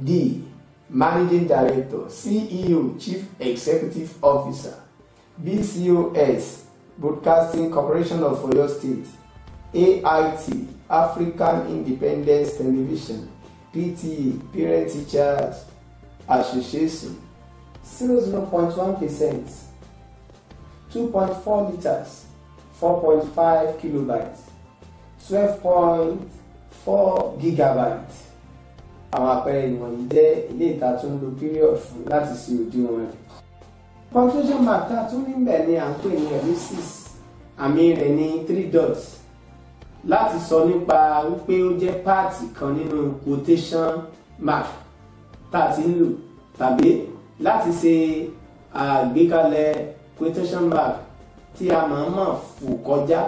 D. Managing Director CEO Chief Executive Officer BCOS Broadcasting Corporation of Oyo State AIT African Independence Television PTA e, Parent Teachers Association zero zero point one percent two point four litres four point five kilobytes twelve point four gigabytes àwọn àpẹẹrẹ ìwọ̀nyí jẹ́ ilé ìta tó ń lo period fún láti ṣe òdiwọ̀n rẹ̀. punctuation mark tá a tún níbẹ̀ ni à ń pè ní ellipsis àmì rẹ̀ ní three dots láti sọ nípa wípé ó jẹ́ páàtì kan nínú quotation mark tá a ti ń lò tàbí láti ṣe àgbékalẹ̀ quotation mark tí a máa ń mọ̀ fò kọjá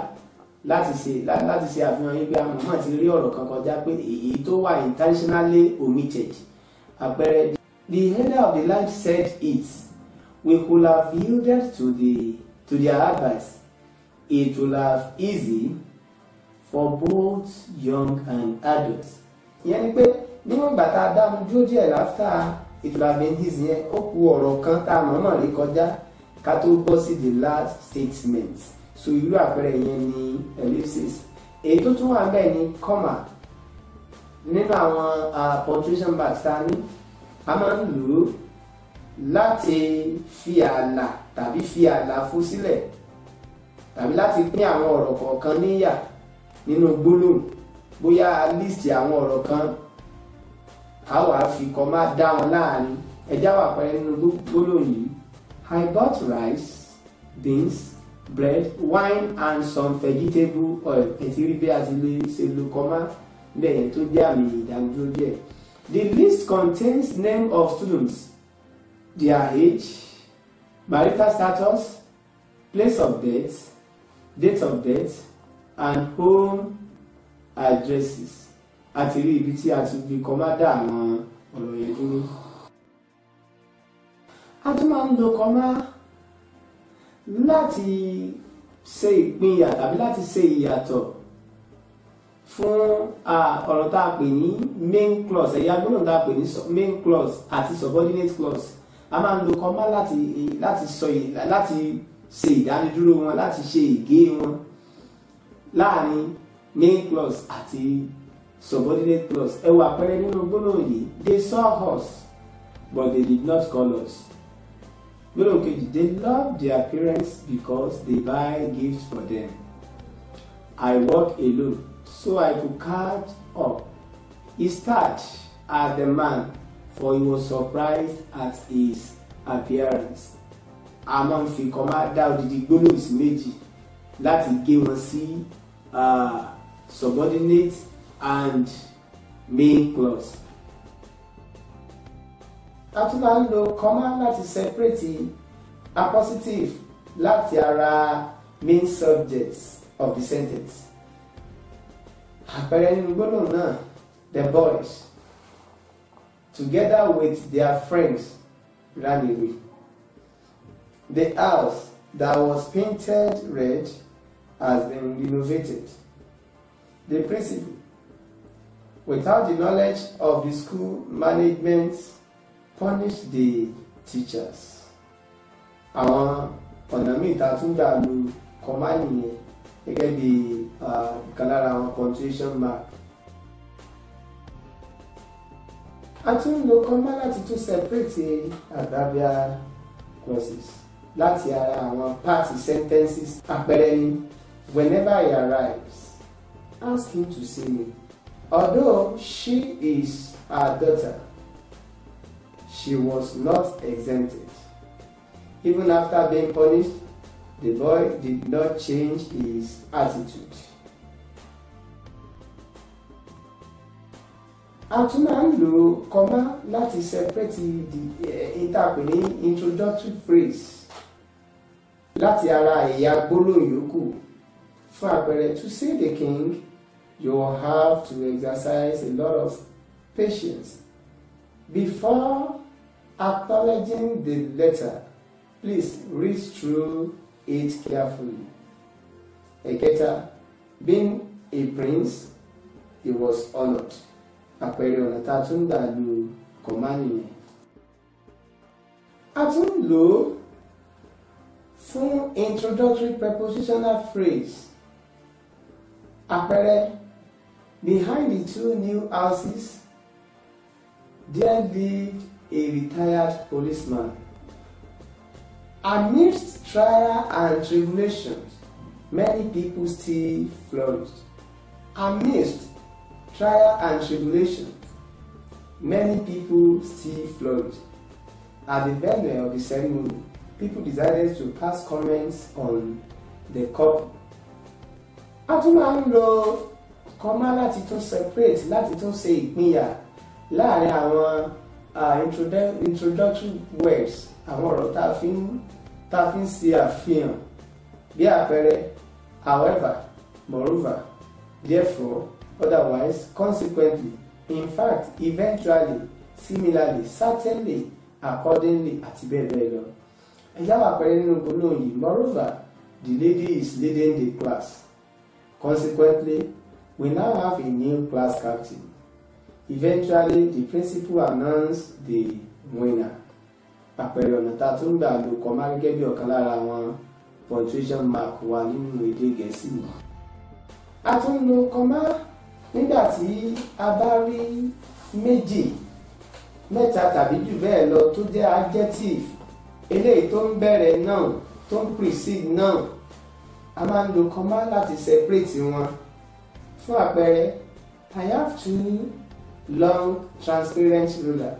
láti ṣe láti ṣe àfihàn yín pé àmọ́ ti rí ọ̀rọ̀ kan kọjá pé èyí tó wà intentionally omitted àpẹẹrẹ the header of the line said it we could have yielded to the to their advice it would have easy for both young and adults ìyẹn ni pé níwọ̀n ìgbà tá a dánu dúró díẹ̀ láfta ìtura bendis yẹn ó ku ọ̀rọ̀ kan tá a mọ̀ọ́mọ̀ rí kọjá ká tó bọ́ sí the last statement so irú àpẹẹrẹ yẹn ni ellipsis èyí tó tún wà bẹ́ẹ̀ ni comma nínú àwọn punctuation marks ta ní a máa ń lò ó láti fi ààlà tàbí fi àlàfo sílẹ̀ tàbí láti pín àwọn ọ̀rọ̀ kọ̀ọ̀kan níyà nínú gbólóhùn bóyá list àwọn ọ̀rọ̀ kan a wà fi comma dá wọn láàrin ẹjá wà pẹ́rẹ́ nínú gbólóhùn yìí I bought rice beans bread wine and some vegetable oil ẹ̀tí rí bí a ti lè ṣe lo kọ́má lẹ́yìn tó jẹ́ àmì ìdánudúró díẹ̀. The list contains name of students, their age, marital status, place of birth, date of birth, and home addresses. A ti rí ibi tí a ti fi kọ́má dá àwọn ọ̀rọ̀ yẹn dúró. A tún máa ń lo kọ́má láti ṣe ìpínyà tàbí láti ṣe ìyàtọ̀ fún ọ̀rọ̀ tá a pè ní main clause ẹ̀yà gbọ́dọ̀ tá a pè ní main clause àti subordinate clause a máa ń lo comma láti láti sọ láti ṣe ìdánidúró wọn láti ṣe ìgé wọn láàrin main clause àti subordinate clause ẹ àpẹẹrẹ nínú gbólóhùn yìí they saw us but they did not call us gbọ́dọ̀ kejì they love their parents because they buy gifts for them I work alone so I could catch up he stared as the man for he was surprised at his appearance a máa ń fi kan máa dá odidi gbólóhùn sí méjì láti gé wọn sí uh, subordinate and main clause a tún máa ń lo comma láti separate appositive láti ara main subjects of the sentence àpẹẹrẹ nínú gbólóhùn náà the boys together with their friends ran away the house that was painted red has been renovated. The principal, without the knowledge of the school management punish the teachers àwọn ọ̀nà míì tá a tún gbà lu kọ́máìnì yẹn gẹ́gẹ́ bí ìkan lára àwọn punctuation mark a tún lo kọ́má láti tún separate adverbial clauses láti ara àwọn party sentences àpẹẹrẹ ni whenever he arrives ask him to see me although she is our daughter she was not exempted. Even after being punished, the boy did not change his attitude. a tún máa ń lo comma láti separate the ìtàpè eh, ní introductory phrase láti ara ẹ̀yà gbólóhùn yòókù fún àpẹẹrẹ to say the king you have to exercise a lot of patience before Acknowledging the letter, please read through it carefully. Ẹ̀kẹta, being a prince, he was honored. Àpẹẹrẹ ọ̀nà tá a tún gbà lu kọ̀mánì yẹn. A tún lò ó fún introductory prepositional phrase. Àpẹẹrẹ, behind the two new houses, there lived a retired policeman. Amidst trial and tribulations, many people still flourish. Amidst trial and tribulations, many people still flourish. At the venue of the ceremony, people decided to pass comments on the couple. A tún máa ń lo kọ́má láti tún separate láti tún ṣe ìpínyà láàrin àwọn introductory words àwọn ọ̀rọ̀ tá a fi ń tá a fi ń ṣe àfihàn bí àpẹẹrẹ however moreover therefore otherwise consequently in fact eventually similarly certainly accordingly àti bẹ́ẹ̀ bẹ́ẹ̀ lọ. ẹ yáwó àpẹẹrẹ nínú gbólóhùn yìí moreover the lady is leading the class consequently we now have a new class captain Eventually, the principal announced the winner. Àpẹẹrẹ ọ̀nà tá a tún gbà lo kọ́má gẹ́gẹ́ bí ọ̀kan lára àwọn punctuation mark wa nínú èdè Gẹ̀ẹ́sì. A tún lo kọ́má nígbà tí a bá rí méjì mẹ́ta tàbí jù bẹ́ẹ̀ lọ tó jẹ́ adjective eléyìí tó ń bẹ̀rẹ̀ noun tó ń precede noun a máa ń lo kọ́má láti separate wọn. Fún àpẹẹrẹ I have two long transparent ruler.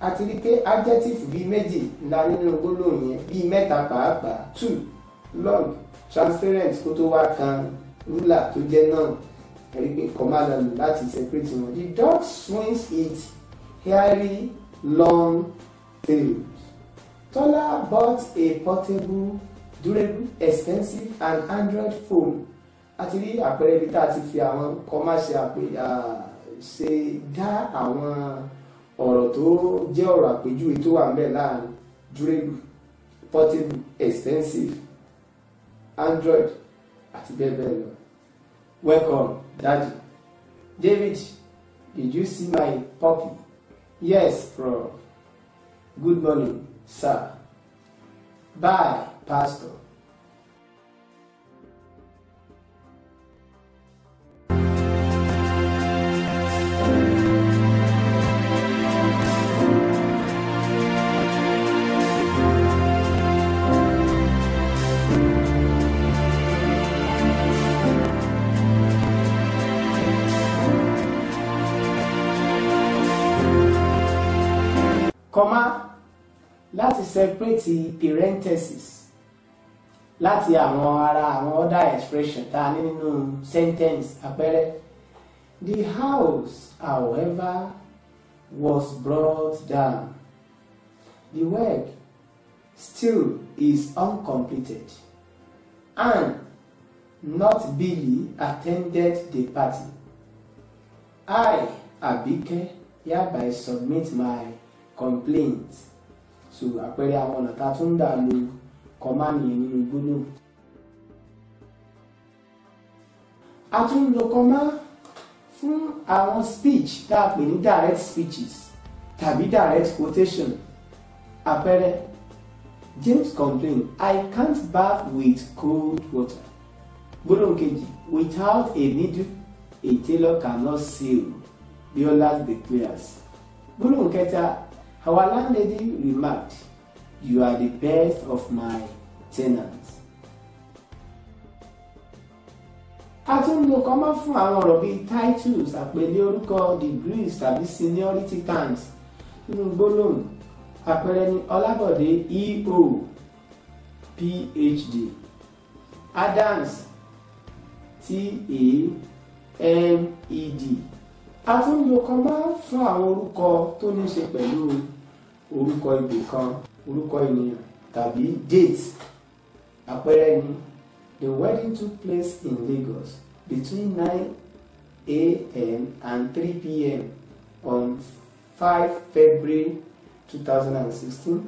àti rí pé adjective bíi méjì la nínú gbólóhùn yẹn bíi mẹ́ta pàápàá two long transparent kó tó wá kan ruler tó jẹ́ noun ẹ̀rí pé commander lò láti separate wọn the dog swings its hairy long tail Tola bought a portable durable expensive and android phone àti rí àpẹẹrẹ ibi tá a ti fi àwọn commercial pé. Uh, ṣe dá àwọn ọ̀rọ̀ tó jẹ́ ọ̀rọ̀ àpèjúwe tó wà ńbẹ̀ láàrin durable portable expensive android àti bẹ́ẹ̀ bẹ́ẹ̀ lọ. welcome daddy david did you see my puppy yes prof good morning sir bye pastor láti separate parenthesis láti àwọn ara àwọn other expression tá a ní nínú sentence àpẹẹrẹ the house however was brought down the work still is uncompleted and not Billy attended the party I Abike hereby submit my complaint so àpẹẹrẹ àwọn ọ̀nà tá a tún ń dà lo kọ́mánì yẹn nínú gbólóhùn. a tún lo kọ́má fún àwọn speech tá a pè ní direct speeches tàbí direct quotation àpẹẹrẹ James complained I can't bath with cold water gbólóhùn kejì without a needle a tailor cannot sew Biola's declares gbólóhùn kẹta Our landlady remarked, You are the best of my tenants. A tún lo kọ́mọ́ fún àwọn ọ̀rọ̀ bíi titles àpèlé orúkọ degrees tàbí seniority terms nínú gbólóhùn àpẹẹrẹ ni Ọlábọ̀dé EO PhD Adams TAMED a tún lo kọ́má fún àwọn orúkọ tó ní ṣe pẹ̀lú orúkọ ibì kan orúkọ ènìyàn tàbí date àpẹẹrẹ ni the wedding took place in Lagos between nine a.m. and three p.m. on five February two thousand and sixteen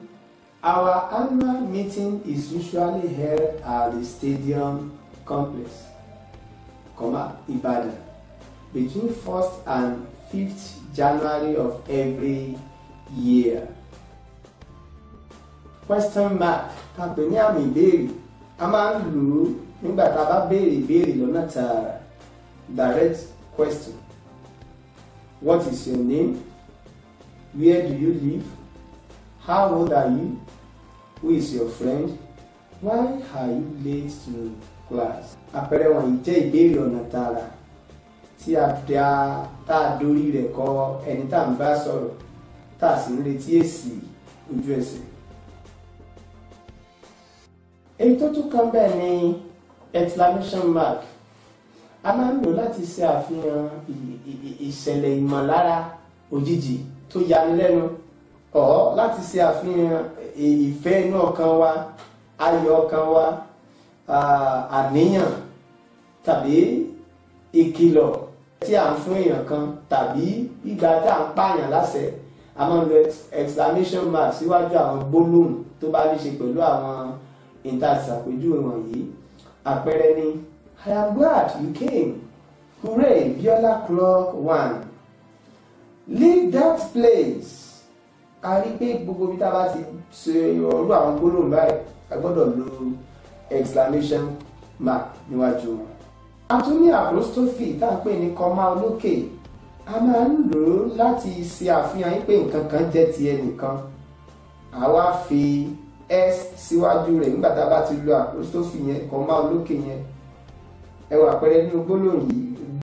our annual meeting is usually held at the stadium complex, comma Ibadan between 1st and 5th January of every year. Question mark ta pè ní àmì ìbéèrè a máa ń lò ó nígbà tá a bá béèrè ìbéèrè lọ́nà tààrà direct question what is your name where do you live how old are you who is your friend why are you late to class àpẹẹrẹ wọ̀nyí jẹ́ ìbéèrè ọ̀nà tààrà tí a da tá a dorí rẹ̀ kọ ẹni tá à ń bá sọ̀rọ̀ tá a sì ń retí èsì ojú ẹsẹ̀. èyí tó tún kan bẹ́ẹ̀ ni exclamation mark a máa ń lò láti ṣe àfihàn ìṣẹ̀lẹ̀ ìmọ̀lára òjijì tó yani lẹ́nu ọ̀ láti ṣe àfihàn ìfẹ́ inú ọkàn wa ayọ̀ ọkàn wa àníyàn tàbí ìkìlọ̀ tí à ń fún èèyàn kan tàbí ìgbà tá à ń pààyàn láṣẹ a máa ń lo exclamation mark síwájú àwọn gbólóhùn tó bá ní ṣe pẹ̀lú àwọn ìtàṣàpèjúwe wọ̀nyí àpẹẹrẹ ni I am glad you came hooray Biola clock one leave that place a rí pé gbogbo bí tá a bá ti ṣe ọdún àwọn gbólóhùn báyìí a gbọ́dọ̀ lo exclamation mark níwájú wọn a tún ní apostrophe tá a pè ní kọ́má olókè a máa ń lò ó láti ṣe àfihàn yín pé nǹkan kan jẹ́ ti ẹnìkan a wá fi s síwájú rẹ̀ nígbà tá a bá ti lo apostrophe yẹn kọ́má olókè yẹn ẹ wo àpẹẹrẹ nínú gbólóhùn